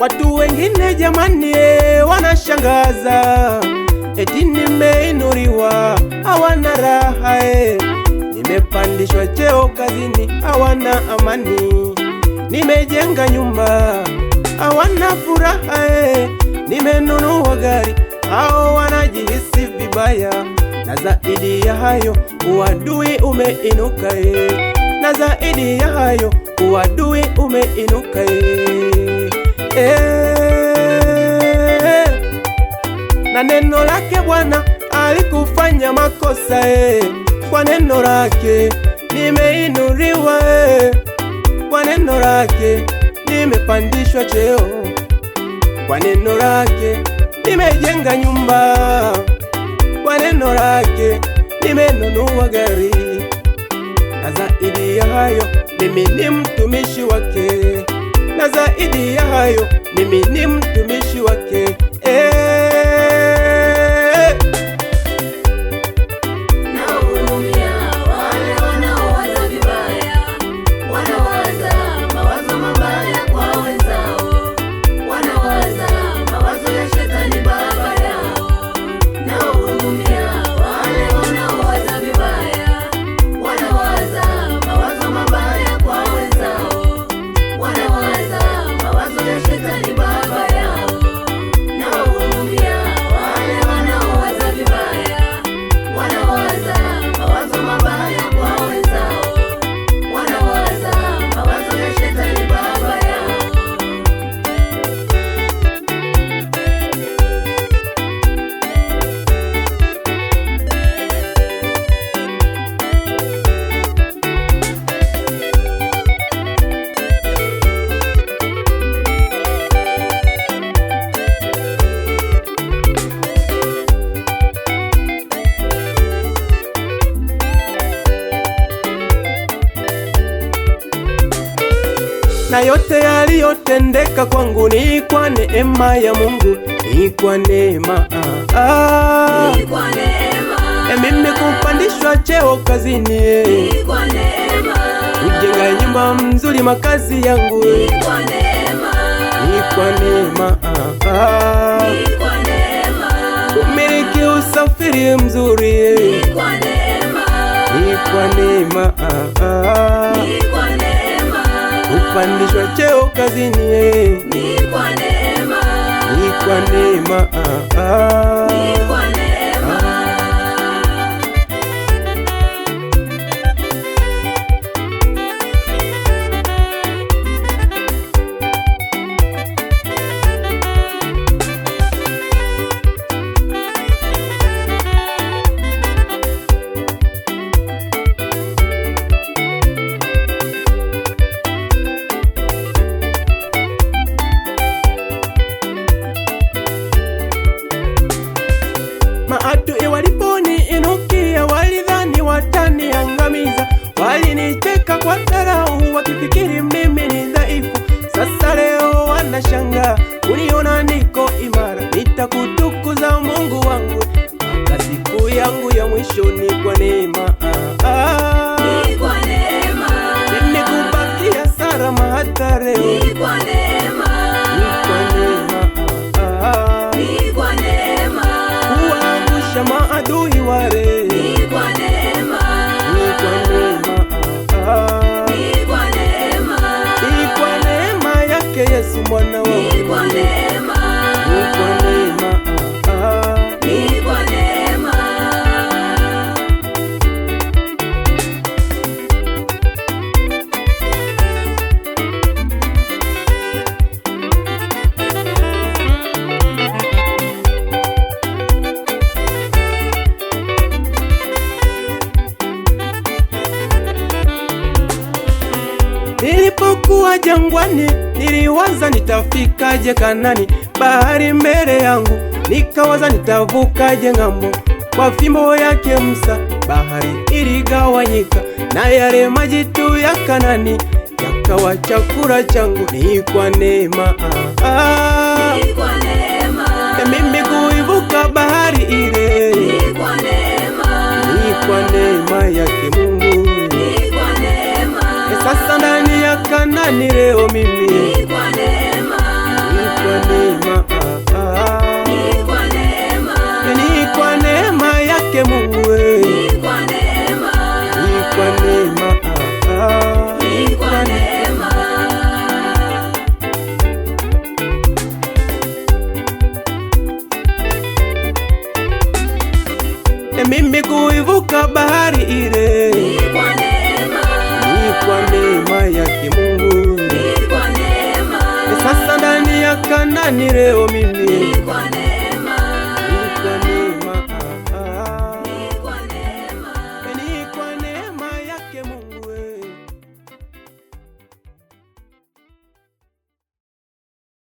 Watu wengine jamani, e, wanashangaza eti nimeinuliwa, hawana raha eh. Nimepandishwa cheo kazini, hawana amani. Nimejenga nyumba, hawana furaha eh. Nimenunua gari, hao wanajihisi vibaya, na zaidi ya hayo uadui umeinuka eh na zaidi ya hayo uadui umeinuka. Eh, eh, na neno lake Bwana alikufanya makosa eh, kwa neno lake nimeinuliwa eh, kwa neno lake nimepandishwa cheo, kwa neno lake nimejenga nyumba, kwa neno lake nimenunua gari na zaidi ya hayo mimi ni mtumishi wake, na zaidi ya hayo mimi ni mtumishi wake eh. na yote yaliyotendeka kwangu ni kwa neema ya Mungu, ni kwa neema ah. neema. E, mimi kupandishwa cheo kazini, kujenga nyumba mzuri makazi yangu, ni kwa neema ah. Kumiliki usafiri mzuri, ni kwa neema ah. Kupandishwa cheo kazini ni kwa neema, ni kwa neema, ah, ah. ni kwa neema. kudharau wakifikiri mimi ni dhaifu. Sasa leo wanashangaa uniona niko imara, nitakutukuza Mungu wangu mpaka siku yangu ya mwisho. Ni kwa neema nimekubakia salama hata leo. Nikiwa jangwani niliwaza nitafikaje Kanani, bahari mbele yangu nikawaza nitavukaje ng'ambo. Kwa fimbo yake Musa bahari iligawanyika, na yale maji tu ya Kanani yakawa chakula changu. Ni kwa neema ah, ah. Yaani leo mimi